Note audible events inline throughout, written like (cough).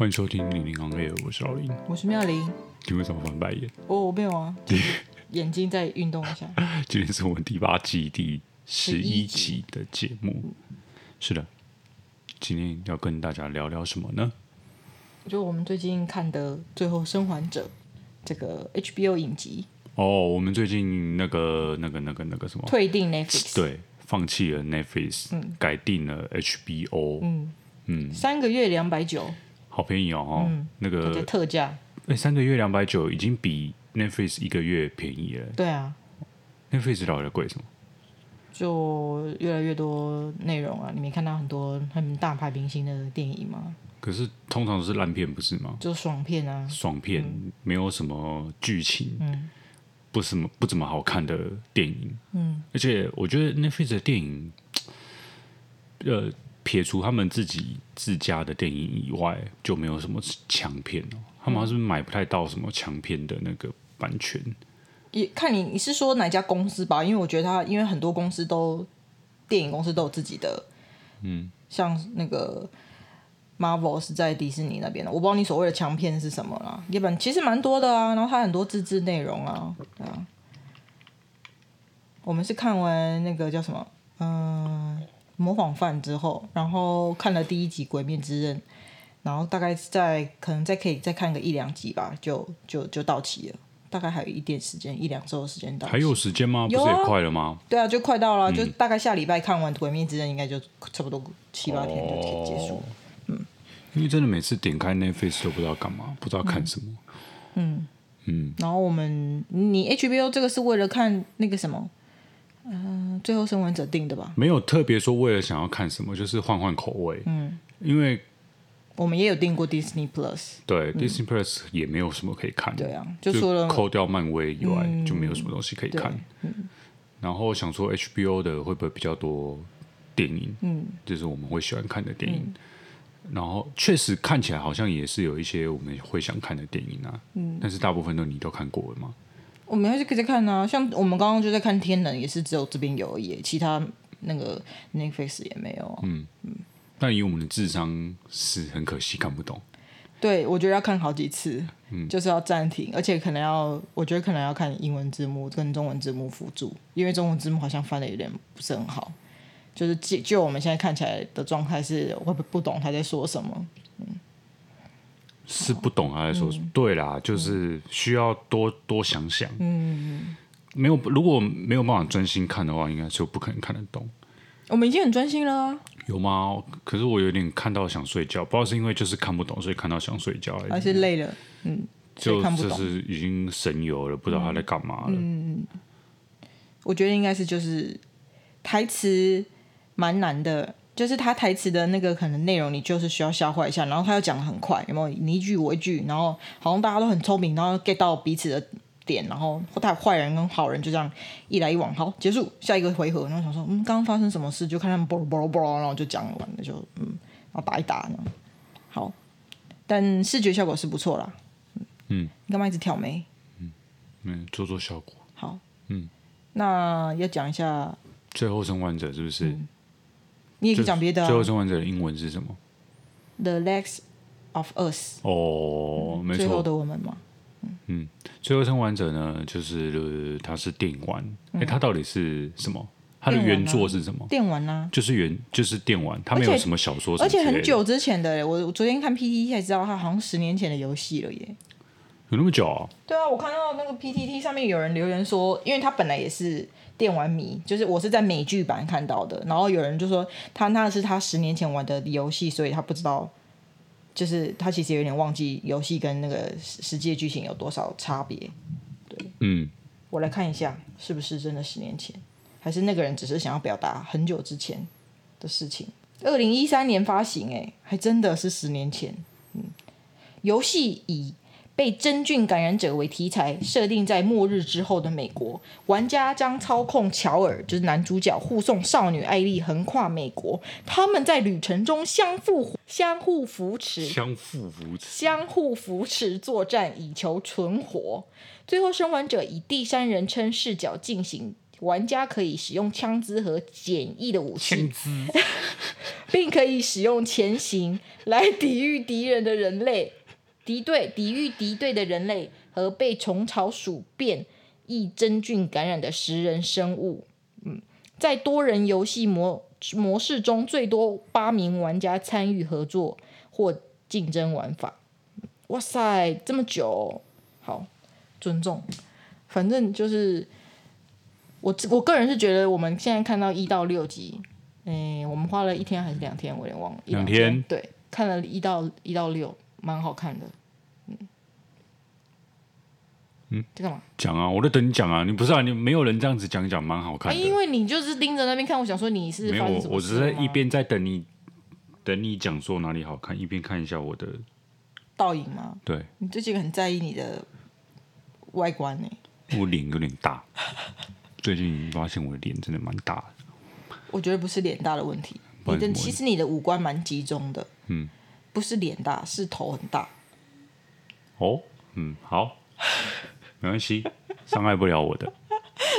歡迎收聽《Linling On Air》，我是小琳，我是妙玲。你為什麼翻白眼？哦、oh，沒有啊，眼睛在運動一下。 (laughs) 今天是我們第八季第十一集的節目，嗯，是的。今天要跟大家聊聊什麼呢？就我們最近看的《最後生還者》這個 HBO 影集。哦、oh，我們最近那個那個那個那個什麼？退訂 Netflix，對，放棄了 Netflix，嗯、改訂了 HBO 嗯。嗯嗯，三個月兩百九。好便宜哦，哦、嗯！那個特價，欸，三個月兩百九，已經比 Netflix 一個月便宜了。對啊，那 e 老是貴什麼？就越來越多內容啊！你沒看到很多很大牌明星的電影嗎？可是通常都是爛片，不是嗎？就爽片啊，爽片，嗯、沒有什麼劇情，嗯、不什麼不怎麼好看的電影。嗯，而且我覺得那 e 的電影，呃。撇除他們自己自家的電影以外，就沒有什麼強片哦。他們好像是買不太到什麼強片的那個版權。也看你，你是說哪家公司吧？因為我覺得他，因為很多公司都電影公司都有自己的，嗯，像那個 Marvel 是在迪士尼那邊的。我不知道你所謂的強片是什麼啦，日本其實蠻多的啊，然後他很多自制內容啊，對啊。我們是看完那個叫什麼，嗯、呃。模仿犯之後，然後看了第一集《鬼滅之刃》，然後大概再可能再可以再看個一兩集吧，就就就到期了。大概還有一點時間，一兩周的時間到。還有時間嗎、啊？不是也快了嗎？對啊，就快到了，嗯、就大概下禮拜看完《鬼滅之刃》，應該就差不多七八天就可以結束了、哦。嗯，因為真的每次點開 Netflix 都不知道幹嘛，不知道看什麼。嗯嗯,嗯，然後我們你 HBO 這個是為了看那個什麼？嗯、呃，最後生還者定的吧？沒有特別說為了想要看什麼，就是換換口味。嗯，因為我們也有訂過 Disney Plus，對、嗯、Disney Plus 也沒有什麼可以看。對、啊、就除了就扣掉漫威以外、嗯，就沒有什麼東西可以看。嗯，然後想說 HBO 的會不會比較多電影？嗯，就是我們會喜歡看的電影。嗯、然後確實看起來好像也是有一些我們會想看的電影啊。嗯，但是大部分都你都看過了嗎？我們還是可以在看啊，像我們剛剛就在看《天能》，也是只有這邊有而已，其他那個 Netflix 也沒有、啊。嗯嗯，但以我們的智商是很可惜看不懂。對，我覺得要看好幾次，嗯、就是要暫停，而且可能要，我覺得可能要看英文字幕跟中文字幕輔助，因為中文字幕好像翻的有點不是很好，就是就我們現在看起來的狀態是我不懂他在說什麼，嗯。是不懂啊，來說、哦嗯、對啦，就是需要多、嗯、多想想。嗯，沒有，如果沒有辦法專心看的話，應該就不可能看得懂。我們已經很專心了、啊，有嗎？可是我有點看到想睡覺，不知道是因為就是看不懂，所以看到想睡覺而已，還、啊、是累了？嗯，就就是已經神遊了，不知道他在幹嘛了。嗯嗯，我覺得應該是就是台詞蠻難的。就是他台詞的那個可能內容，你就是需要消化一下。然後他又講得很快，有沒有？你一句我一句，然後好像大家都很聰明，然後 get 到彼此的點，然後他壞人跟好人就這樣一來一往，好，結束下一個回合。然後想說，嗯，剛剛發生什麼事？就看他們啵啵啵，然後就講完了，那就嗯，然後打一打然後，好。但視覺效果是不錯啦。嗯，你幹嘛一直挑眉？嗯，沒做做效果。好。嗯，那要講一下最後生還者是不是？嗯你也可以講別的啊。最後生還者的英文是什麼？The Last of Us。哦，沒錯，最後的我們嘛，嗯，最後生還者呢，就是他是電玩，哎、嗯，欸、他到底是什麼？他的原作是什麼？電玩啊。就是原就是電玩，他沒有什麼小說麼而，而且很久之前的。我我昨天看 PTT 才知道，他好像十年前的遊戲了耶。有那麼久啊？對啊，我看到那個 PTT 上面有人留言說，因為他本來也是。電玩迷，就是我是在美劇版看到的，然後有人就說他那是他十年前玩的遊戲，所以他不知道，就是他其實有點忘記遊戲跟那個實際劇情有多少差別。對，嗯，我來看一下是不是真的十年前，還是那個人只是想要表達很久之前的事情？二零一三年發行，欸，誒，還真的是十年前。嗯，遊戲以被真菌感染者為題材，設定在末日之後的美國，玩家將操控喬爾，就是男主角，護送少女艾麗橫跨美國。他們在旅程中相互相互扶持，相互扶持，相互扶持作戰以求存活。最後生還者以第三人稱視角進行，玩家可以使用槍支和簡易的武器， (laughs) 並可以使用潛行來抵禦敵人的人類。敵對抵禦敵對的人類和被蟲草屬變異真菌感染的食人生物。嗯，在多人遊戲模模式中，最多八名玩家參與合作或競爭玩法。哇塞，這麼久哦，好尊重。反正就是我我個人是覺得，我們現在看到一到六集。誒，我們花了一天還是兩天？我也忘了。兩天。對，看了一到一到六。蠻好看的，嗯，嗯，在幹嘛？講啊！我在等你講啊！你不是啊？你沒有人這樣子講講，蠻好看的。哎、欸，因為你就是盯着那邊看，我想說你是發生什麼事了嗎？沒有，我只是在一邊在等你，等你講說哪裡好看，一邊看一下我的倒影嗎？對，你最近很在意你的外觀呢、欸？我臉有點大， (laughs) 最近發現我的臉真的蠻大的。我覺得不是臉大的問題，你的其實你的五官蠻集中的，嗯。不是臉大，是頭很大。哦，嗯，好，沒關係，傷害不了我的。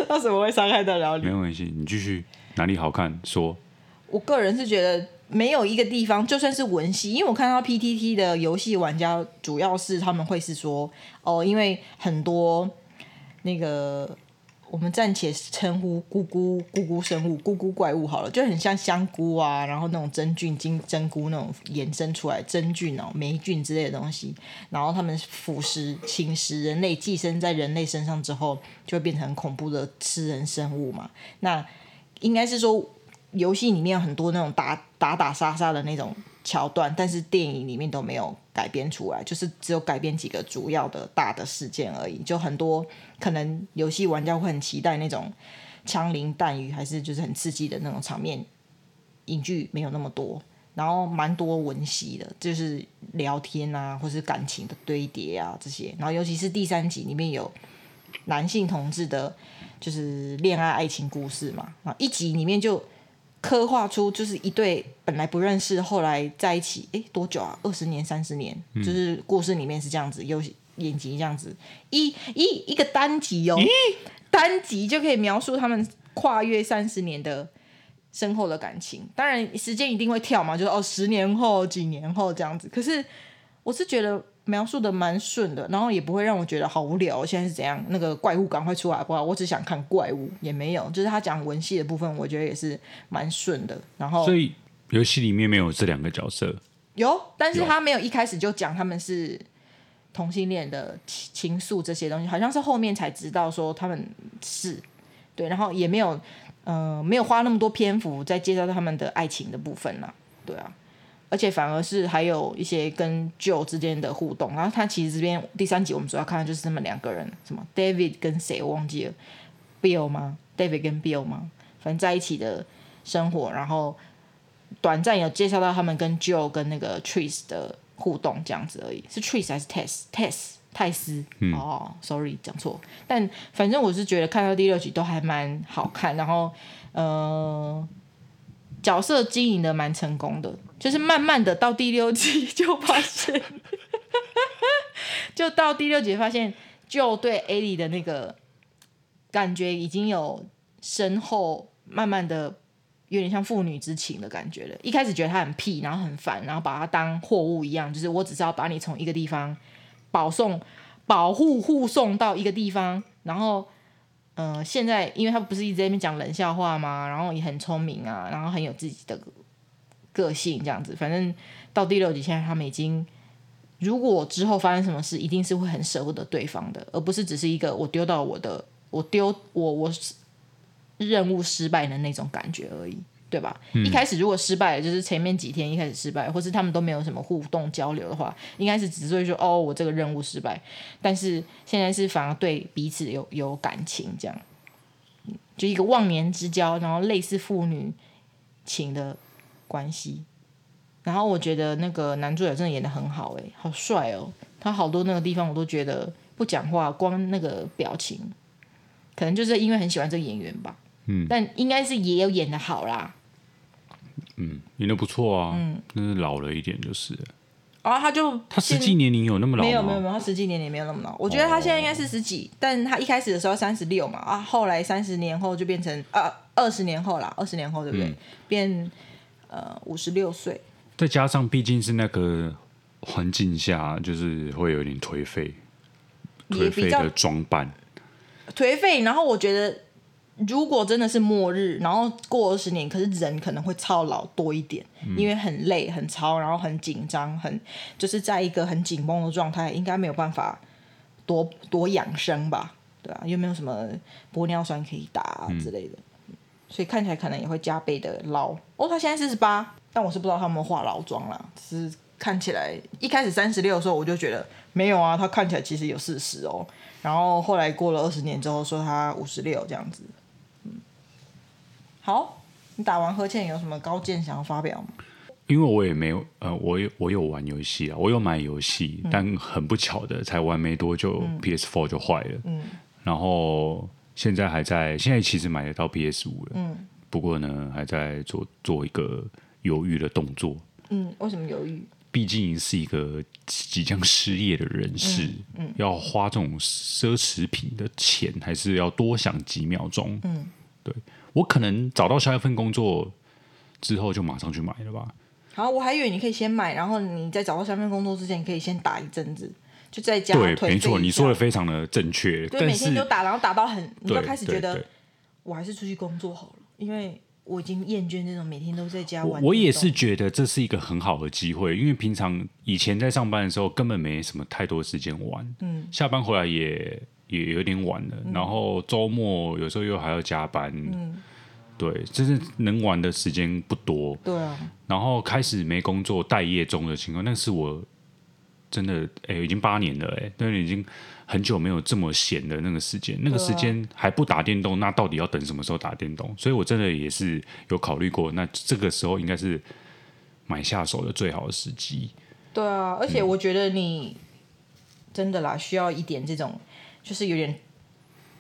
那 (laughs) 怎麼會傷害得了你？沒關係，你繼續哪裡好看說。我個人是覺得沒有一個地方，就算是文戲，因為我看到 PTT 的遊戲玩家，主要是他們會是說哦，因為很多那個。我們暫且稱呼“咕咕咕咕生物”“咕咕怪物”好了，就很像香菇啊，然後那種真菌、金針菇那種衍生出來真菌哦、霉菌之類的東西，然後它們腐蝕、侵蝕人類，寄生在人類身上之後，就會變成很恐怖的吃人生物嘛。那應該是說，遊戲裡面有很多那種打打打殺殺的那種橋段，但是電影裡面都沒有改編出來，就是只有改編幾個主要的大的事件而已，就很多。可能遊戲玩家會很期待那種槍林彈雨，還是就是很刺激的那種場面，影劇沒有那麼多，然後蠻多文戲的，就是聊天啊，或是感情的堆疊啊這些，然後尤其是第三集裡面有男性同志的，就是戀愛愛情故事嘛，啊一集裡面就刻畫出就是一對本來不認識，後來在一起，誒、欸、多久啊？二十年、三十年，就是故事裡面是這樣子，有些。眼睛這樣子，一一一個單集哦、欸，單集就可以描述他們跨越三十年的深厚的感情。當然，時間一定會跳嘛，就是哦，十年後、幾年後這樣子。可是，我是覺得描述的蠻順的，然後也不會讓我覺得好無聊。現在是怎樣？那個怪物趕快出來吧！我只想看怪物，也沒有。就是他講文戲的部分，我覺得也是蠻順的。然後，所以遊戲裡面沒有這兩個角色，有，但是他沒有一開始就講他們是。同性戀的情情愫、這些東西，好像是後面才知道說他們是，對，然後也沒有，嗯、呃，沒有花那麼多篇幅在介紹他們的愛情的部分啦，對啊，而且反而是還有一些跟 Joe 之間的互動，然後他其實這邊第三集我們主要看的就是他們兩個人，什麼 David 跟誰我忘記了，Bill 嗎？David 跟 Bill 嗎？反正在一起的生活，然後短暫有介紹到他們跟 Joe 跟那個 Tris 的。互動這樣子而已，是 trees 還是 Tess？Tess Tess 泰斯哦，嗯 oh，sorry 講錯。但反正我是覺得看到第六集都還蠻好看，然後呃角色經營的蠻成功的，就是慢慢的到第六集就發現， (laughs) (laughs) 就到第六集發現就對艾莉的那個感覺已經有深厚，慢慢的。有點像父女之情的感覺。一開始覺得他很屁，然後很煩，然後把他當貨物一樣，就是我只是要把你從一個地方保送、保護、護送到一個地方。然後，嗯、呃，現在因為他不是一直在那邊講冷笑話嘛，然後也很聰明啊，然後很有自己的個性，這樣子。反正到第六集，現在他們已經，如果之後發生什麼事，一定是會很捨不得對方的，而不是只是一個我丟到我的，我丟我我。我任務失敗的那種感覺而已，對吧、嗯？一開始如果失敗了，就是前面幾天一開始失敗，或是他們都沒有什麼互動交流的話，應該是只是說哦，我這個任務失敗。但是現在是反而對彼此有有感情，這樣，就一個忘年之交，然後類似父女情的關係。然後我覺得那個男主角真的演得很好、欸，哎，好帥哦、喔！他好多那個地方我都覺得不講話，光那個表情，可能就是因為很喜歡這個演員吧。但應該是也有演得好啦。嗯，演得不錯啊，嗯，那是老了一點就是。啊，他就他實際年齡有那麼老嗎？沒有，沒有，沒有，他實際年齡沒有那麼老。我覺得他現在應該是四十幾。哦，但他一開始的時候三十六嘛，啊，後來三十年後就變成呃二十年後了，二十年後對不對？嗯，變呃五十六歲。再加上畢竟是那個環境下，就是會有點頹廢，頹廢的裝扮。頹廢，然後我覺得。如果真的是末日，然後過二十年，可是人可能會超老多一點，因為很累、很操，然後很緊張、很就是在一個很緊繃的狀態，應該沒有辦法多多養生吧？對啊，又沒有什麼玻尿酸可以打之類的，嗯、所以看起來可能也會加倍的老。哦，他現在四十八，但我是不知道他有沒有化老妝啦。只是看起來一開始三十六的時候我就覺得沒有啊，他看起來其實有四十哦。然後後來過了二十年之後說他五十六這樣子。好，你打完呵欠，有什麼高見想要發表嗎？因為我也沒有，呃，我有我有玩遊戲啊，我有買遊戲、嗯，但很不巧的，才玩沒多久，PS Four 就壞、嗯、了，嗯，然後現在還在，現在其實買得到 PS 五了，嗯，不過呢，還在做做一個猶豫的動作，嗯，為什麼猶豫？畢竟是一個即將失業的人士，嗯，嗯，要花這種奢侈品的錢，還是要多想幾秒鐘，嗯，對。我可能找到下一份工作之後就馬上去買了吧。好，我還以為你可以先買，然後你在找到下一份工作之前，你可以先打一陣子，就在家。對，沒錯，你說的非常的正確。對，但是每天就打，然後打到很，你就開始覺得我還是出去工作好了，因為我已經厭倦這種每天都在家玩。我也是覺得這是一個很好的機會，因為平常以前在上班的時候根本沒什麼太多時間玩，嗯，下班回來也。也有點晚了，嗯、然後周末有時候又還要加班，嗯、對，就是能玩的時間不多，對、嗯。然後開始沒工作待業中的情況，那是我真的哎、欸，已經八年了哎、欸，但是已經很久沒有這麼閒的那個時間、嗯，那個時間還不打電動，那到底要等什麼時候打電動？所以我真的也是有考慮過，那這個時候應該是買下手的最好的時機。對啊，而且我覺得你、嗯、真的啦，需要一點這種。就是有點、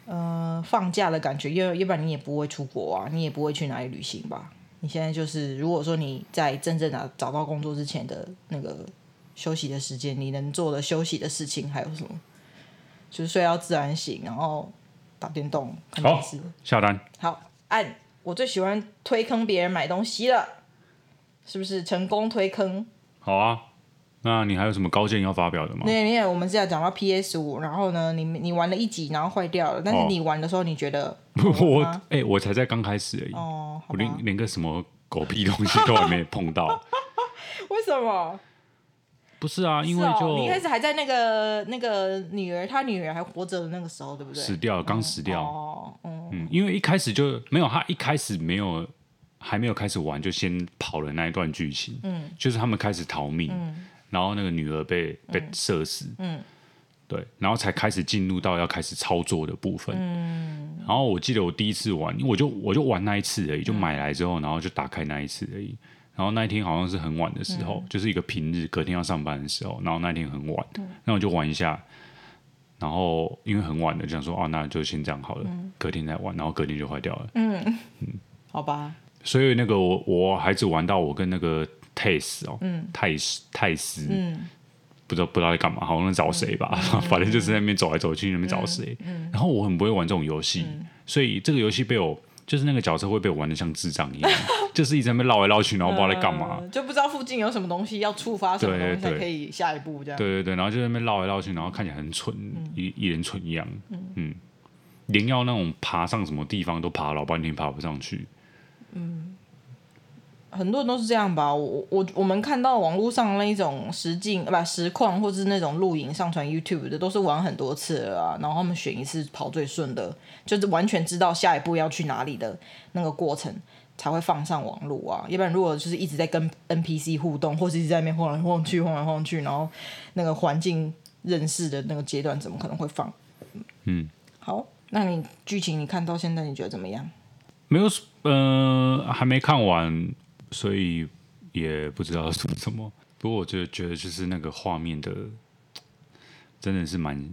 呃，放假的感覺，因為要不然你也不會出國啊，你也不會去哪裡旅行吧。你現在就是，如果說你在真正的、啊、找到工作之前的那個休息的時間，你能做的休息的事情還有什麼？就是睡到自然醒，然後打電動，看電視，好，下單，好，按，我最喜歡推坑別人買東西了，是不是成功推坑？好啊。那你還有什麼高見要發表的嗎？對，因為我們是要講到 PS 五，然後呢，你你玩了一集，然後壞掉了，但是你玩的時候你覺得，哦、我哎、欸，我才在剛開始而、欸、已，哦，我連連個什麼狗屁東西都還沒碰到， (laughs) 為什麼？不是啊，是哦、因為就一開始還在那個那個女兒，她女兒還活着的那個時候，對不對？死掉了，剛死掉哦，哦，嗯，因為一開始就沒有，他一開始沒有還沒有開始玩，就先跑了那一段劇情，嗯，就是他們開始逃命，嗯。然後那個女兒被被射死，嗯，嗯，對，然後才開始進入到要開始操作的部分，嗯、然後我記得我第一次玩，我就我就玩那一次而已、嗯，就買來之後，然後就打開那一次而已，然後那一天好像是很晚的時候，嗯、就是一個平日，隔天要上班的時候，然後那一天很晚，嗯、那我就玩一下，然後因為很晚了，就想說哦，那就先這樣好了、嗯，隔天再玩，然後隔天就壞掉了，嗯，嗯，好吧，所以那個我我孩子玩到我跟那個。泰斯哦、嗯，泰斯泰斯、嗯，不知道不知道在幹嘛，好像在找誰吧、嗯，反正就是在那邊走來走去，在那邊找誰、嗯。嗯，然後我很不會玩這種遊戲、嗯，所以這個遊戲被我就是那個角色會被我玩得像智障一樣、嗯，就是一直在那邊繞來繞去，然後不知道在幹嘛、呃，就不知道附近有什麼東西要觸發什麼東西才可以下一步這樣。對對對，然後就在那邊繞來繞去，然後看起來很蠢，嗯、一一臉蠢樣嗯。嗯，連要那種爬上什麼地方都爬老半天爬不上去。嗯。很多人都是這樣吧，我我我們看到網絡上那一種實境不實況，或者是那種錄影上傳 YouTube 的，都是玩很多次了啊，然後他們選一次跑最順的，就是完全知道下一步要去哪裡的那個過程才會放上網絡啊。一般如果就是一直在跟 NPC 互動，或是一直在那邊晃來晃去、晃來晃去，然後那個環境認識的那個階段，怎麼可能會放？嗯，好，那你劇情你看到現在你覺得怎麼樣？沒有，呃，還沒看完。所以也不知道說什麼，不過我就覺得就是那個畫面的，真的是蠻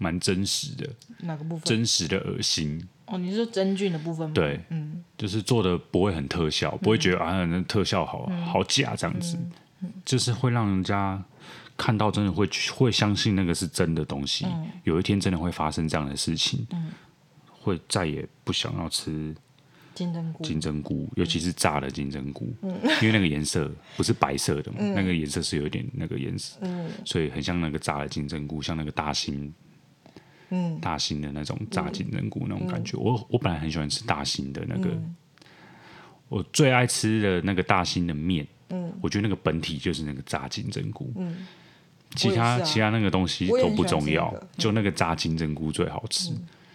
蠻真實的。哪個部分？真實的噁心。哦，你是說真菌的部分嗎？對、嗯，就是做的不會很特效，不會覺得、嗯、啊，那個、特效好、嗯、好假這樣子、嗯嗯，就是會讓人家看到真的會會相信那個是真的東西、嗯。有一天真的會發生這樣的事情，嗯、會再也不想要吃。金針菇，金針菇，尤其是炸的金針菇、嗯，因為那個顏色不是白色的嘛，嗯、那個顏色是有點那個顏色、嗯，所以很像那個炸的金針菇，像那個大心，嗯、大心的那種炸金針菇那種感覺。嗯、我我本來很喜歡吃大心的那個，嗯、我最愛吃的那個大心的麵、嗯，我覺得那個本體就是那個炸金針菇、嗯，其他其他那個東西都不重要，那個嗯、就那個炸金針菇最好吃、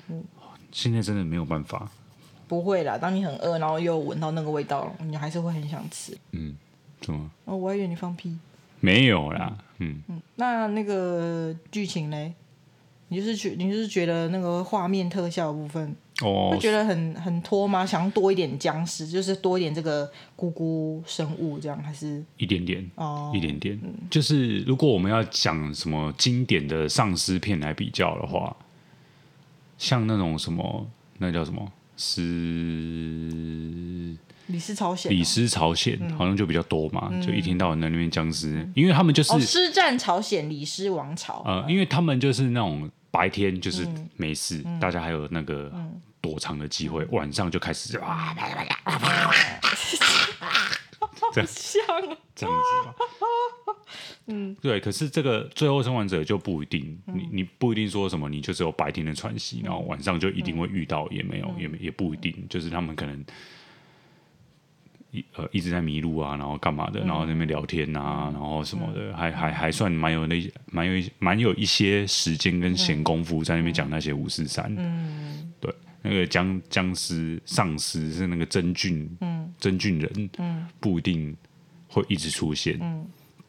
嗯嗯，現在真的沒有辦法。不會啦，當你很餓，然後又聞到那個味道，你還是會很想吃。嗯，怎麼？哦，我還以為你放屁。沒有啦，嗯嗯，嗯。那那個劇情嘞？你、就是覺你就是覺得那個畫面特效的部分哦，會覺得很很拖嗎？想多一點僵屍，就是多一點這個咕咕生物這樣，還是一點點哦，一點點、嗯。就是如果我們要講什麼經典的喪屍片來比較的話，像那種什麼，那叫什麼？是李氏朝鮮，李氏朝鮮、哦、好像就比較多嘛，嗯、就一天到晚的那面殭屍，因為他們就是屍、哦、戰朝鮮李氏王朝，呃，嗯、因為他們就是那種白天就是沒事，嗯、大家還有那個躲藏的機會，嗯、晚上就開始哇，嗯、 (laughs) 好像啊、哦。這樣子嘛，嗯，對，可是這個最後生還者就不一定，嗯、你你不一定說什麼，你就只有白天的喘息，嗯、然後晚上就一定會遇到，嗯、也沒有，嗯、也也不一定、嗯，就是他們可能一呃一直在迷路啊，然後幹嘛的，嗯、然後在那邊聊天啊，然後什麼的，嗯、還還還算蠻有那些，蠻有蠻有一些時間跟閒工夫在那邊講那些五四三，嗯、對，那個殭殭屍喪屍是那個真菌、嗯，真菌人、嗯，不一定。會一直出現、嗯，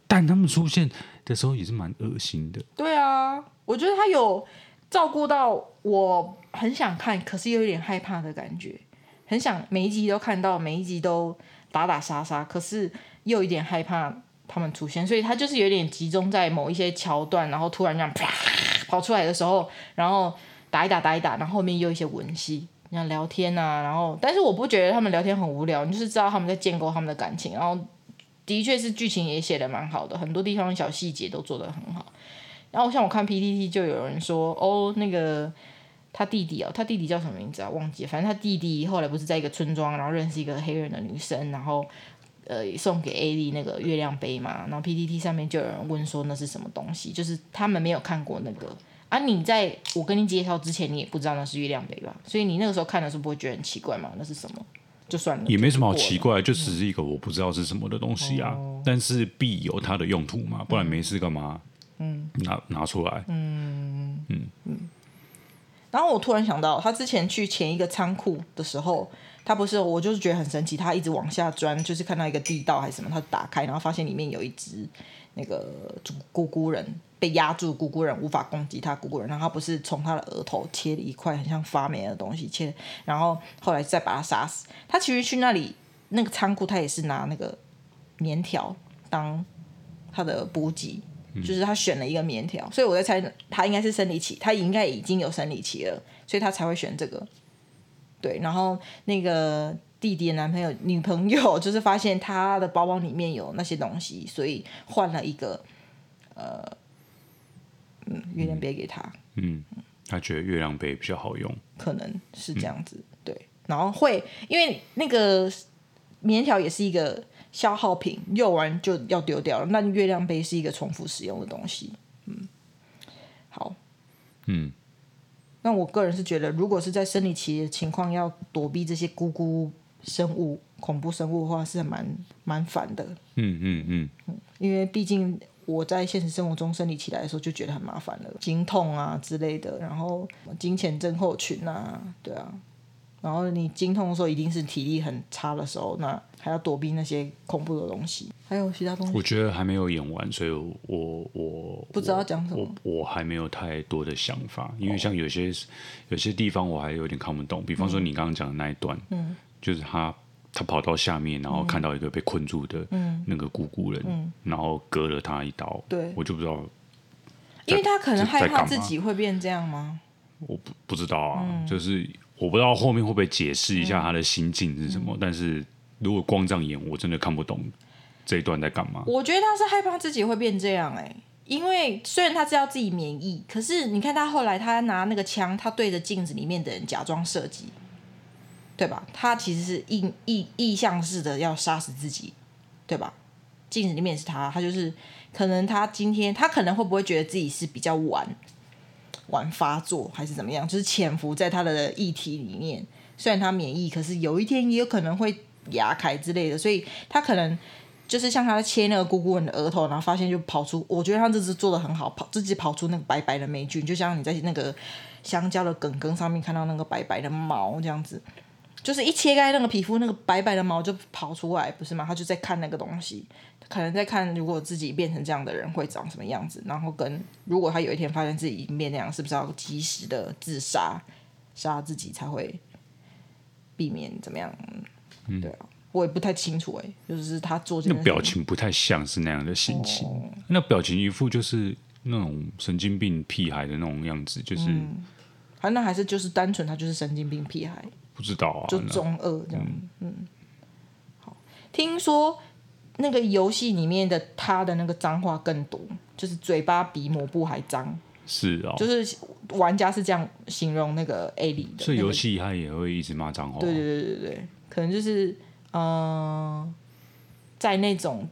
但他們出現的時候也是蠻噁心的。對啊，我覺得他有照顧到我很想看，可是又有點害怕的感覺。很想每一集都看到，每一集都打打殺殺，可是又有一點害怕他們出現。所以他就是有點集中在某一些橋段，然後突然這樣跑出來的時候，然後打一打打一打，然後後面又一些文戲像聊天啊。然後但是我不覺得他們聊天很無聊，你就是知道他們在建構他們的感情，然後。的確是劇情也寫的蠻好的，很多地方小細節都做的很好。然後像我看 P T T 就有人說，哦，那個他弟弟哦，他弟弟叫什麼名字啊？忘記了，反正他弟弟後來不是在一個村莊，然後認識一個黑人的女生，然後呃送給艾莉那個月亮杯嘛。然後 P T T 上面就有人問說那是什麼東西？就是他們沒有看過那個。啊，你在我跟你介紹之前，你也不知道那是月亮杯吧？所以你那個時候看的時候不會覺得很奇怪嗎？那是什麼？就算了也沒什麼好奇怪、嗯，就只是一個我不知道是什麼的東西啊。嗯、但是必有它的用途嘛，嗯、不然沒事幹嘛？嗯，拿拿出來。嗯嗯嗯。然後我突然想到，他之前去前一個倉庫的時候，他不是我就是覺得很神奇，他一直往下鑽，就是看到一個地道還是什麼，他打開然後發現裡面有一隻那個咕咕人。被壓住姑姑人，咕咕人無法攻擊他。咕咕人，然後他不是從他的額頭切了一塊很像發霉的東西切，然後後來再把他殺死。他其實去那裡那個倉庫，他也是拿那個棉條當他的補給，就是他選了一個棉條。嗯，所以我在猜，他應該是生理期，他應該已經有生理期了，所以他才會選這個。對，然後那個弟弟的男朋友女朋友就是發現他的包包裡面有那些東西，所以換了一個呃。嗯，月亮杯給他。嗯，他覺得月亮杯比較好用，嗯、可能是這樣子。嗯、對，然後會因為那個棉條也是一個消耗品，用完就要丟掉了。那月亮杯是一個重複使用的東西。嗯，好。嗯，那我個人是覺得，如果是在生理期的情況，要躲避這些咕咕生物、恐怖生物的話，是蠻蠻煩的。嗯嗯嗯，因為畢竟。我在現實生活中生理期來的時候就覺得很麻煩了，經痛啊之類的，然後金錢症候群啊，對啊，然後你經痛的時候一定是體力很差的時候，那還要躲避那些恐怖的東西，還有其他東西。我覺得還沒有演完，所以我我不知道講什麼，我我，我還沒有太多的想法，因為像有些、哦、有些地方我還有點看不懂，比方說你剛剛講的那一段，嗯，就是他。他跑到下面，然後看到一個被困住的那個菇菇人，嗯、然後割了他一刀。對、嗯，我就不知道，因為他可能害怕自己會變這樣嗎？我不不知道啊、嗯，就是我不知道後面會不會解釋一下他的心境是什麼。嗯嗯、但是如果光這樣演，我真的看不懂這一段在幹嘛。我覺得他是害怕自己會變這樣，欸，哎，因為雖然他知道自己免疫，可是你看他後來他拿那個槍，他對着鏡子裡面的人假裝射擊。對吧？他其實是意意意向式的要殺死自己，對吧？鏡子裡面是他，他就是可能他今天他可能會不會覺得自己是比較晚晚發作還是怎麼樣？就是潛伏在他的議體裡面，雖然他免疫，可是有一天也有可能會牙開之類的，所以他可能就是像他是切那個菇菇你的額頭，然後發現就跑出。我覺得他這次做得很好，跑自己跑出那個白白的霉菌，就像你在那個香蕉的梗梗上面看到那個白白的毛這樣子。就是一切開那個皮膚，那個白白的毛就跑出來，不是嗎？他就在看那個東西，可能在看如果自己變成這樣的人會長什麼樣子，然後跟如果他有一天發現自己已經變成那樣，是不是要及時的自殺，殺自己才會避免怎麼樣？嗯、對啊，我也不太清楚哎、欸，就是他做這個那表情不太像是那樣的心情、哦，那表情一副就是那種神經病屁孩的那種樣子，就是，啊、嗯，他那還是就是單純他就是神經病屁孩。不知道啊，就中二這樣，嗯，嗯，好，聽說那個遊戲裡面的他的那個髒話更多，就是嘴巴比抹布還髒，是啊、哦，就是玩家是這樣形容那個 Ali 的，所以遊戲他也會一直罵髒話，對對對對對，可能就是嗯、呃，在那種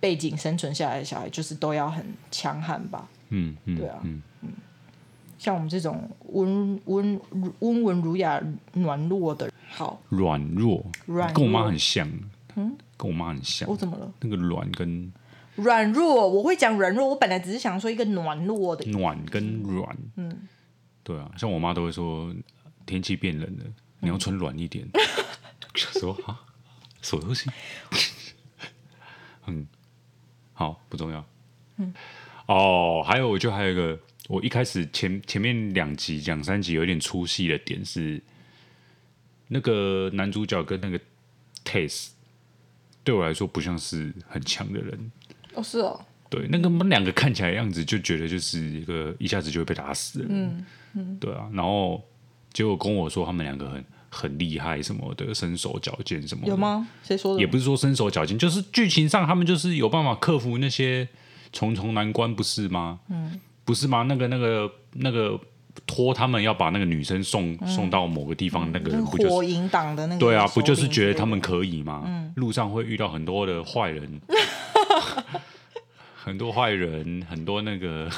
背景生存下來的小孩，就是都要很強悍吧，嗯嗯，對啊。嗯像我們這種溫溫溫文儒雅、軟弱的，好軟弱，軟跟我媽很像，嗯，跟我媽很像。我怎麼了？那個軟跟軟弱，我會講軟弱。我本來只是想說一個暖弱的，暖跟軟，嗯，對啊，像我媽都會說，天氣變冷了，嗯、你要穿軟一點。 (laughs) 說好，什麼東西 (laughs) 嗯，好，不重要。嗯，哦，還有，我就還有一個。我一開始前前面兩集兩三集有點出戲的點是，那個男主角跟那個 Tess 對我來說不像是很強的人哦，是哦，對，那個他們兩個看起來的樣子就覺得就是一個一下子就會被打死的，嗯嗯，對啊，然後結果跟我說他們兩個很很厲害什麼的，身手矯健什麼的，有嗎？誰說的？也不是說身手矯健，就是劇情上他們就是有辦法克服那些重重難關，不是嗎？嗯。不是嗎？那個、那個、那個托他們要把那個女生送、嗯、送到某個地方，那個人不就是、嗯嗯、火影黨的那個、就是、對啊，不就是覺得他們可以嗎、嗯？路上會遇到很多的壞人， (laughs) 很多壞人，很多那個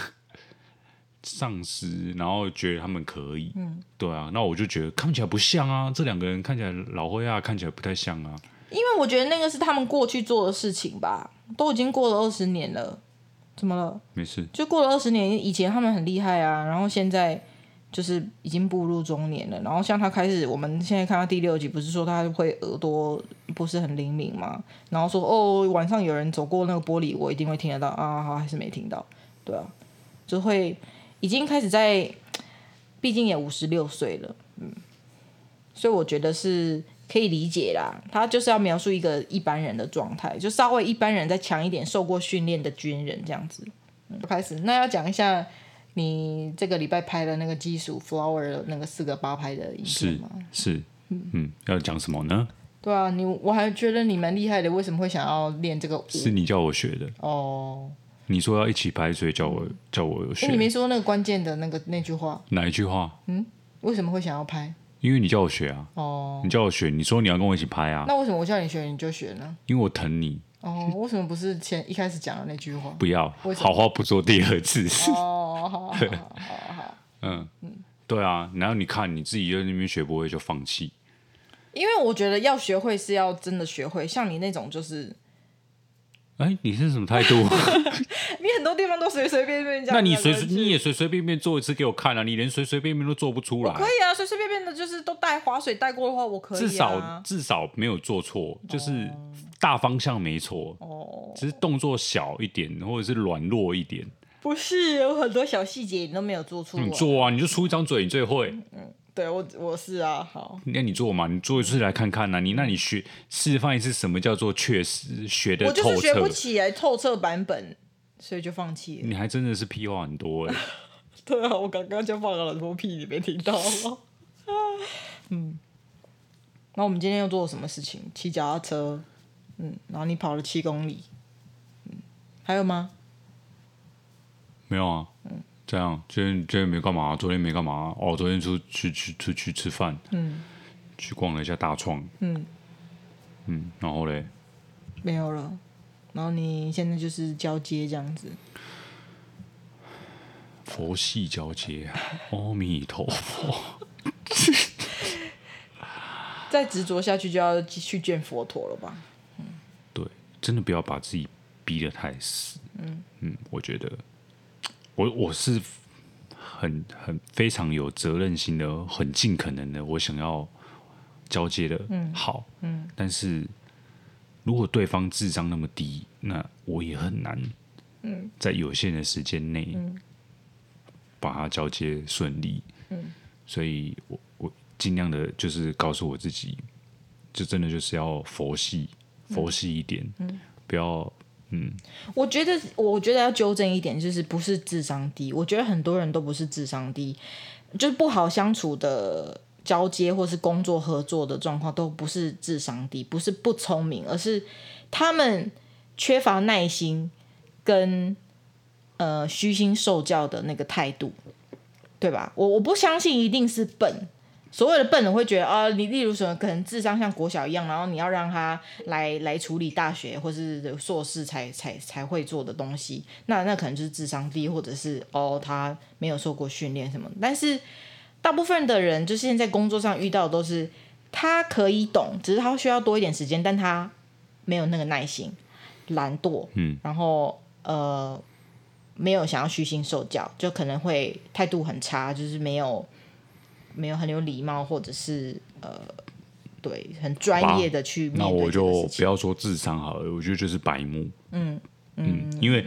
喪 (laughs) 屍，然後覺得他們可以。嗯、對啊，那我就覺得看起來不像啊，這兩個人看起來老灰啊，看起來不太像啊。因為我覺得那個是他們過去做的事情吧，都已經過了二十年了。怎麼了？沒事，就過了二十年。以前他們很厲害啊。然後現在就是已經步入中年了。然後像他開始，我們現在看到第六集，不是說他會耳朵不是很靈敏嗎？然後說哦，晚上有人走過那個玻璃，我一定會聽得到啊。好，還是沒聽到，對啊，就會已經開始在，畢竟也五十六歲了，嗯。所以我覺得是。可以理解啦，他就是要描述一個一般人的狀態，就稍微一般人再強一點、受過訓練的軍人這樣子。開、嗯、始，那要講一下你這個禮拜拍的那個基礎 flower 那個四個八拍的是嗎？是，是嗯嗯，要講什麼呢？對啊，你我還覺得你蠻厲害的，為什麼會想要練這個舞？是你叫我學的哦。你說要一起拍，所以叫我叫我學。哎、欸，你沒說那個關鍵的那個那句話，哪一句話？嗯，為什麼會想要拍？因為你叫我學啊，oh. 你叫我學，你說你要跟我一起拍啊，那為什麼我叫你學你就學呢？因為我疼你。哦，為什麼不是前 (laughs) 一開始講的那句話？不要，好話不做第二次。哦，好，好，好，嗯對啊，然後你看你自己在那邊學不會就放棄，因為我覺得要學會是要真的學會，像你那種就是。哎，你是什麼態度、啊？ (laughs) 你很多地方都隨隨便便講，那你隨，隨你也隨隨便便做一次給我看啊！你連隨隨便便都做不出來。可以啊，隨隨便便的，就是都帶划水帶過的話，我可以、啊。至少至少沒有做錯，就是大方向沒錯。哦，只是動作小一點，或者是軟弱一點。不是，有很多小細節你都沒有做出。你做啊，你就出一張嘴，你最會。嗯。對，我我是啊，好，那你做嘛，你做一次來看看吶、啊，你那你學示範一次，什麼叫做確實學的透徹？我就是學不起來、欸、透徹版本，所以就放棄。你還真的是屁話很多哎、欸， (laughs) 對啊，我剛剛就放了很多屁，你沒聽到嗎？ (laughs) 嗯，那我們今天又做了什麼事情？騎腳踏車，嗯，然後你跑了七公里，嗯，還有嗎？沒有啊，嗯。這樣，今天今天沒幹嘛，昨天沒幹嘛，哦，昨天出去去出去，去，去吃飯，嗯，去逛了一下大創，嗯，嗯，然後嘞，沒有了，然後你現在就是交接這樣子，佛系交接，啊，阿 (laughs) 彌陀佛， (laughs) (laughs) 再執着下去就要去見佛陀了吧，對，真的不要把自己逼得太死，嗯嗯，我覺得。我我是很很非常有責任心的，很盡可能的，我想要交接的好，嗯，嗯，但是如果對方智商那麼低，那我也很難，嗯，在有限的時間內把它交接順利，嗯，嗯，所以我我盡量的，就是告訴我自己，就真的就是要佛系佛系一點，嗯，嗯，不要。嗯，我覺得，我覺得要糾正一點，就是不是智商低。我覺得很多人都不是智商低，就是不好相處的交接或是工作合作的狀況都不是智商低，不是不聰明，而是他們缺乏耐心跟呃虛心受教的那個態度，對吧？我我不相信一定是笨。所有的笨人會覺得，啊、哦，你例如什麼，可能智商像國小一樣，然後你要讓他來來處理大學或是碩士才才才會做的東西，那那可能就是智商低，或者是哦，他沒有受過訓練什麼的。但是大部分的人，就是現在工作上遇到的都是他可以懂，只是他需要多一點時間，但他沒有那個耐心，懶惰，嗯，然後呃，沒有想要虛心受教，就可能會態度很差，就是沒有。沒有很有禮貌，或者是呃，對，很專業的去。那我就不要說智商好了，我覺得就是白目。嗯嗯，嗯，因為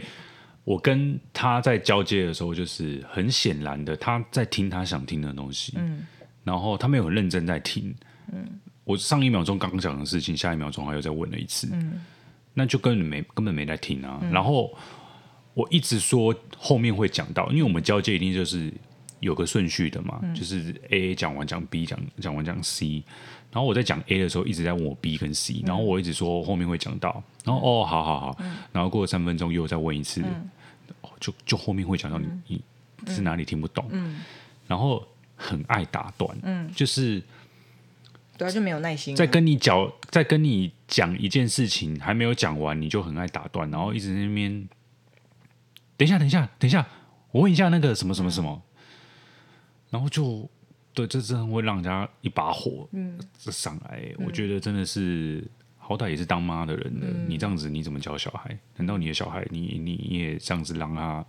我跟他在交接的時候，就是很顯然的，他在聽他想聽的東西，嗯，然後他沒有很認真在聽，嗯，我上一秒鐘剛剛講的事情，下一秒鐘他又再問了一次，嗯，那就根本沒根本沒在聽啊，嗯。然後我一直說後面會講到，因為我們交接一定就是。有個順序的嘛，嗯、就是 A 講完講 B，講講完講 C，然後我在講 A 的時候一直在問我 B 跟 C，然後我一直說後面會講到，然後、嗯、哦，好好好、嗯，然後過了三分鐘又再問一次，嗯哦、就就後面會講到你、嗯、你是哪裡聽不懂，嗯嗯、然後很愛打斷，嗯，就是對，就沒有耐心。在跟你講，在跟你講一件事情還沒有講完，你就很愛打斷，然後一直在那邊等一下，等一下，等一下，我問一下那個什麼什麼什麼。嗯然後就對，這真的會讓人家一把火嗯，上來、嗯。我覺得真的是，好歹也是當媽的人呢、嗯。你這樣子你怎麼教小孩？難道你的小孩你，你你你也這樣子讓他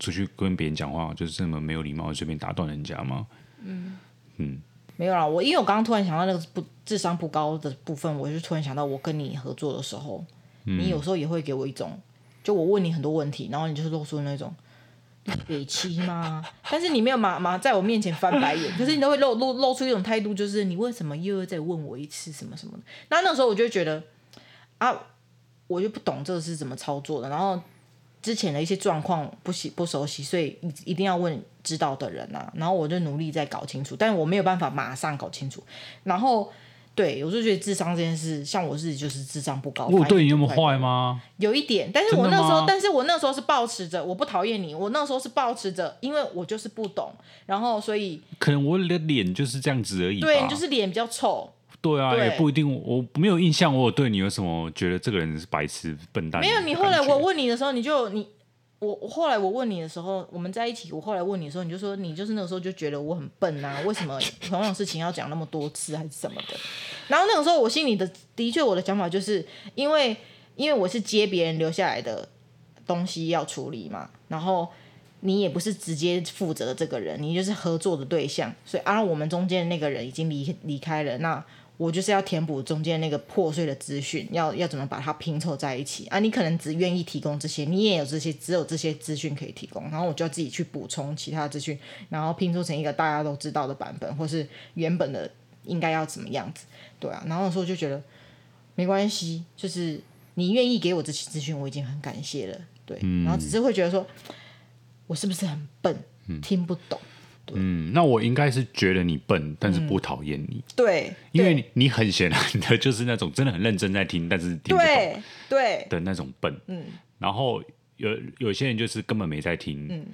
出去跟別人講話，就是這麼沒有禮貌，隨便打斷人家嗎？嗯嗯，沒有啦，我因為我剛剛突然想到那個不智商不高的部分，我就突然想到我跟你合作的時候、嗯，你有時候也會給我一種，就我問你很多問題，然後你就是露出那種。委屈嗎？但是你沒有媽媽在我面前翻白眼，可、就是你都會露露露出一種態度，就是你為什麼又要再問我一次什麼什麼的？那那時候我就覺得啊，我就不懂這是怎麼操作的。然後之前的一些狀況不習不熟悉，所以一一定要問知道的人啊。然後我就努力在搞清楚，但是我沒有辦法馬上搞清楚。然後。對，我就覺得智商這件事，像我自己就是智商不高。我、哦、對你那麼壞嗎？有一點，但是我那時候，但是我那時候是保持着我不討厭你。我那時候是保持着，因為我就是不懂，然後所以可能我的臉就是這樣子而已。對，就是臉比較臭。對啊，對也不一定。我沒有印象，我有對你有什麼覺得這個人是白痴笨蛋？沒有，你後來我問你的時候，你就你。我後來我問你的時候，我們在一起。我後來問你的時候，你就說你就是那個時候就覺得我很笨啊？為什麼同樣事情要講那麼多次還是什麼的？然後那個時候我心裡的的確我的想法就是因為因為我是接別人留下來的東西要處理嘛，然後你也不是直接負責這個人，你就是合作的對象，所以啊，我們中間那個人已經離離開了那。我就是要填補中間那個破碎的資訊，要要怎麼把它拼湊在一起啊？你可能只願意提供這些，你也有這些，只有這些資訊可以提供，然後我就要自己去補充其他資訊，然後拼湊成一個大家都知道的版本，或是原本的應該要怎麼樣子？對啊，然後那時候我就覺得沒關係，就是你願意給我這些資訊，我已經很感謝了，對，然後只是會覺得說，我是不是很笨，聽不懂？嗯嗯，那我應該是覺得你笨，但是不討厭你。嗯、對,對，因為你很顯然的就是那種真的很認真在聽，但是聽不懂，對的那種笨。嗯，然後有有些人就是根本沒在聽。嗯，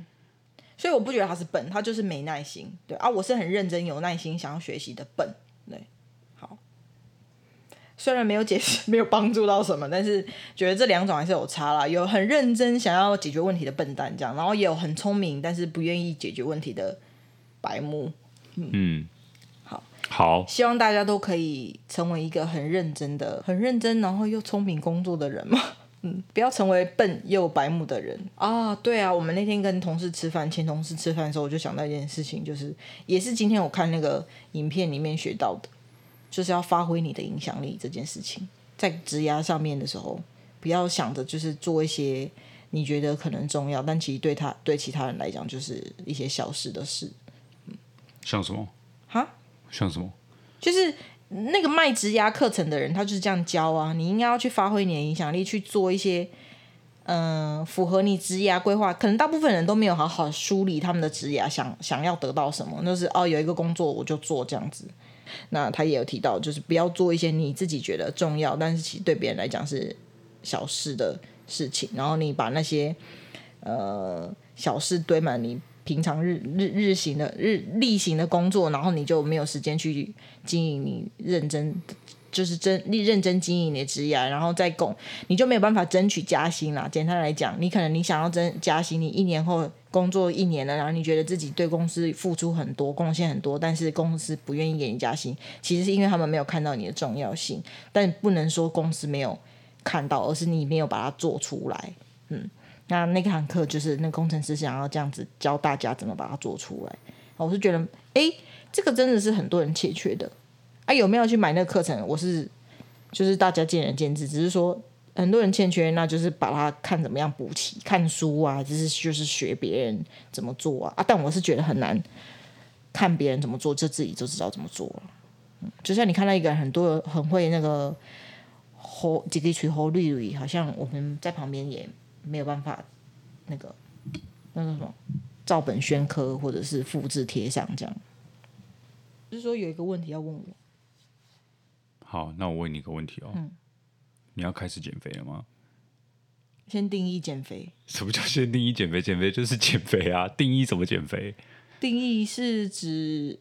所以我不覺得他是笨，他就是沒耐心。對啊，我是很認真、有耐心、想要學習的笨。對，好，雖然沒有解釋、沒有幫助到什麼，但是覺得這兩種還是有差啦，有很認真想要解決問題的笨蛋這樣，然後也有很聰明但是不願意解決問題的。白目。嗯，嗯，好，好，希望大家都可以成為一個很認真的、很認真，然後又聰明工作的人嘛。嗯，不要成為笨又白目的人啊、哦。對啊，我們那天跟同事吃飯，前同事吃飯的時候，我就想到一件事情，就是也是今天我看那個影片裡面學到的，就是要發揮你的影響力這件事情，在職涯上面的時候，不要想着就是做一些你覺得可能重要，但其實對他對其他人來講就是一些小事的事。像什麼？哈？像什麼？就是那個賣職涯課程的人，他就是這樣教啊。你應該要去發揮你的影響力，去做一些嗯、呃、符合你職涯規劃。可能大部分人都沒有好好梳理他們的職涯，想想要得到什麼，那、就是哦有一個工作我就做這樣子。那他也有提到，就是不要做一些你自己覺得重要，但是其實對別人來講是小事的事情。然後你把那些呃小事堆滿你，平常日日日行的日例行的工作，然後你就沒有時間去經營，你認真就是真認真經營你的職業，然後再供你就沒有辦法爭取加薪啦。簡單來講，你可能你想要增加薪，你一年後工作一年了，然後你覺得自己對公司付出很多，貢獻很多，但是公司不願意給你加薪，其實是因為他們沒有看到你的重要性，但不能說公司沒有看到，而是你沒有把它做出來，嗯。那那堂課就是那個工程師想要這樣子教大家怎麼把它做出來。我是覺得，哎、欸，這個真的是很多人欠缺的。啊，有沒有去買那個課程？我是就是大家見仁見智，只是說很多人欠缺，那就是把它看怎麼樣補齊，看書啊，就是就是學別人怎麼做啊，啊。但我是覺得很難看別人怎麼做，就自己就知道怎麼做了。嗯，就像你看到一個人很多人很會那個侯幾幾曲侯綠綠，好像我們在旁邊也。沒有辦法、那個，那個那個什麼，照本宣科或者是複制貼上這樣。就是說有一個問題要問我。好，那我問你一個問題哦、嗯。你要開始減肥了嗎？先定義減肥。什麼叫先定義減肥？減肥就是減肥啊！定義怎麼減肥？定義是指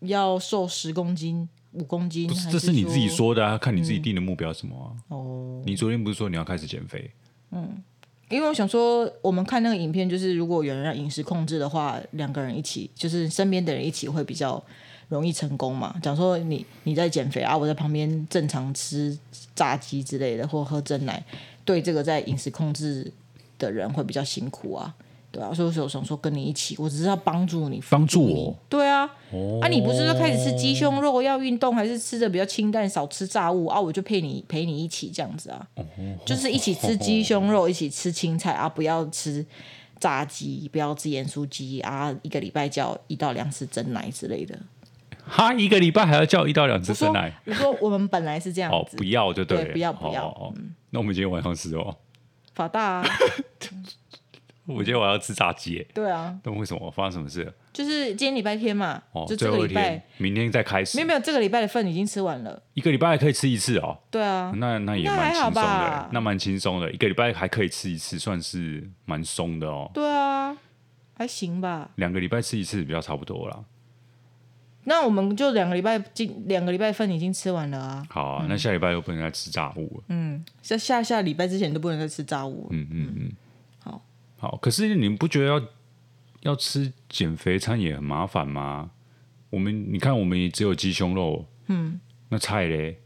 要瘦十公斤、五公斤。不是，是，這是你自己說的啊！看你自己定的目標什麼啊？哦、嗯。你昨天不是說你要開始減肥？嗯，因為我想說，我們看那個影片，就是如果有人讓飲食控制的話，兩個人一起，就是身邊的人一起會比較容易成功嘛。假如說你你在減肥啊，我在旁邊正常吃炸雞之類的，或喝珍奶，對這個在飲食控制的人會比較辛苦啊。對啊，所以我想說跟你一起，我只是要幫助你，你，幫助我。對啊，oh. 啊，你不是說開始吃雞胸肉，要運動，還是吃得比較清淡，少吃炸物啊？我就陪你陪你一起這樣子啊，oh. 就是一起吃雞胸肉，oh. 一起吃青菜啊，不要吃炸雞，不要吃鹽酥雞啊，一個禮拜叫一到兩次蒸奶之類的。哈、huh?，一個禮拜還要叫一到兩次蒸奶？比如說，說我們本來是這樣子， (laughs) oh, 不要就對，不要不要。不要 oh, oh, oh. 嗯，那我們今天晚上吃哦，法大。我今天我要吃炸雞，對啊，但為什麼我發生什麼事？就是今天禮拜天嘛，哦、就這個禮拜，明天再開始。沒有沒有，這個禮拜的份已經吃完了，一個禮拜還可以吃一次哦。對啊，那那也蠻輕鬆的那，那蠻輕鬆的，一個禮拜還可以吃一次，算是蠻鬆的哦。對啊，還行吧，兩個禮拜吃一次比較差不多了。那我們就兩個禮拜，今兩個禮拜份已經吃完了啊。好啊、嗯，那下禮拜又不能再吃炸物了。嗯，在下下禮拜之前都不能再吃炸物。嗯嗯嗯。嗯好，可是你不覺得要要吃減肥餐也很麻煩嗎？我們你看，我們也只有雞胸肉，嗯，那菜嘞？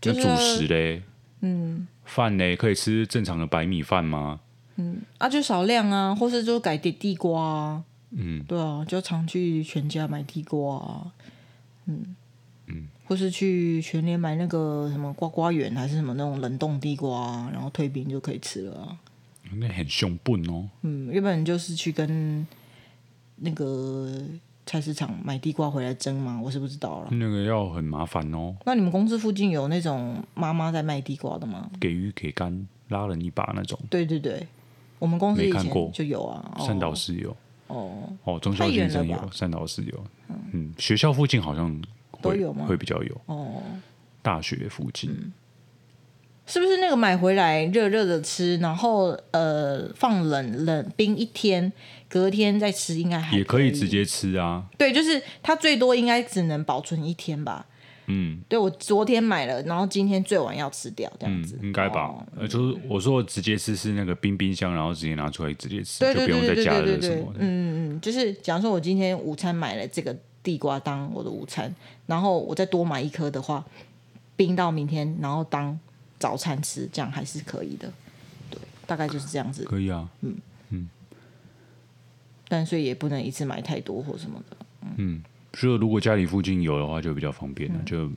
就是啊，那主食嘞，嗯，飯呢？可以吃正常的白米飯嗎？嗯，啊，就少量啊，或是就改點地、地瓜、啊，嗯，對啊，就常去全家買地瓜、啊，嗯嗯，或是去全聯買那個什麼瓜瓜園，還是什麼那種冷凍地瓜、啊，然後退冰就可以吃了、啊。那很凶笨哦。嗯，要不然就是去跟那個菜市場買地瓜回來蒸嘛，我是不知道了。那個要很麻煩哦。那你們公司附近有那種媽媽在賣地瓜的嗎？給魚給乾拉人一把那種。對對對，我們公司看過以前就有啊。三島四有。哦哦，中校先生有，三島四有。嗯，學校附近好像都有嗎？會比較有。哦。大學附近。嗯是不是那個買回來熱熱的吃，然後呃放冷冷冰一天，隔天再吃應該還可以，也可以直接吃啊？對，就是它最多應該只能保存一天吧？嗯，對我昨天買了，然後今天最晚要吃掉，這樣子、嗯、應該吧？哦、就是我說我直接吃是那個冰冰箱，然後直接拿出來直接吃，就不用再加熱什麼？嗯嗯，就是假如說我今天午餐買了這個地瓜當我的午餐，然後我再多買一顆的話，冰到明天，然後當。早餐吃這樣還是可以的，對，大概就是這樣子。可以啊，嗯嗯，但所以也不能一次買太多或什麼的。嗯，所以、嗯、如果家裡附近有的話，就比較方便了，啊，嗯，就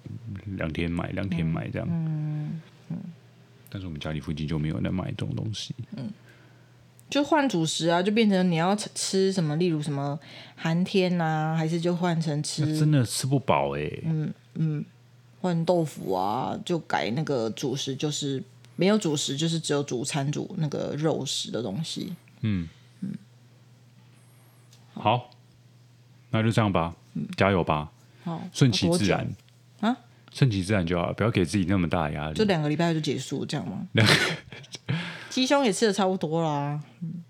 兩天買兩天買這樣。嗯，嗯，嗯，但是我們家裡附近就沒有人買這種東西。嗯，就換主食啊，就變成你要吃什麼，例如什麼寒天吶、啊，還是就換成吃，真的吃不飽哎、欸。嗯嗯。換豆腐啊，就改那個主食，就是沒有主食，就是只有主餐主那個肉食的東西。嗯嗯好，好，那就這樣吧，嗯，加油吧，好，順其自然啊，順其自然就好了，不要給自己那麼大壓力。就兩個禮拜就結束這樣嗎？兩個雞胸也吃得差不多啦。嗯，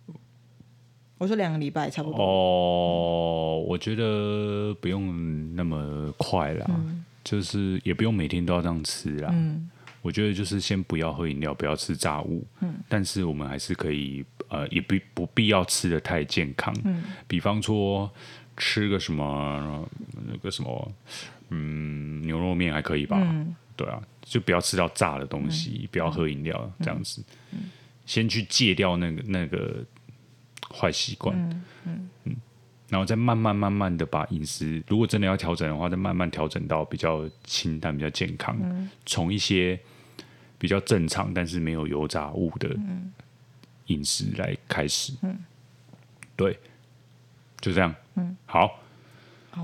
我說兩個禮拜差不多。哦，我覺得不用那麼快了。嗯就是也不用每天都要這樣吃啊、嗯。我覺得就是先不要喝飲料，不要吃炸物、嗯。但是我們還是可以，呃，也不不必要吃的太健康、嗯。比方說吃個什麼那個什麼，嗯，牛肉麵還可以吧、嗯？對啊，就不要吃到炸的東西，嗯、不要喝飲料，這樣子、嗯嗯。先去戒掉那個那個壞習慣。嗯嗯嗯然後再慢慢慢慢的把飲食，如果真的要調整的話，再慢慢調整到比較清淡，比較健康，嗯、從一些比較正常但是沒有油炸物的飲食來開始、嗯。對，就這樣。嗯，好，好，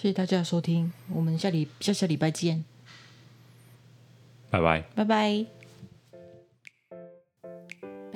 謝謝大家的收聽，我們下禮下下禮拜見。拜拜，拜拜。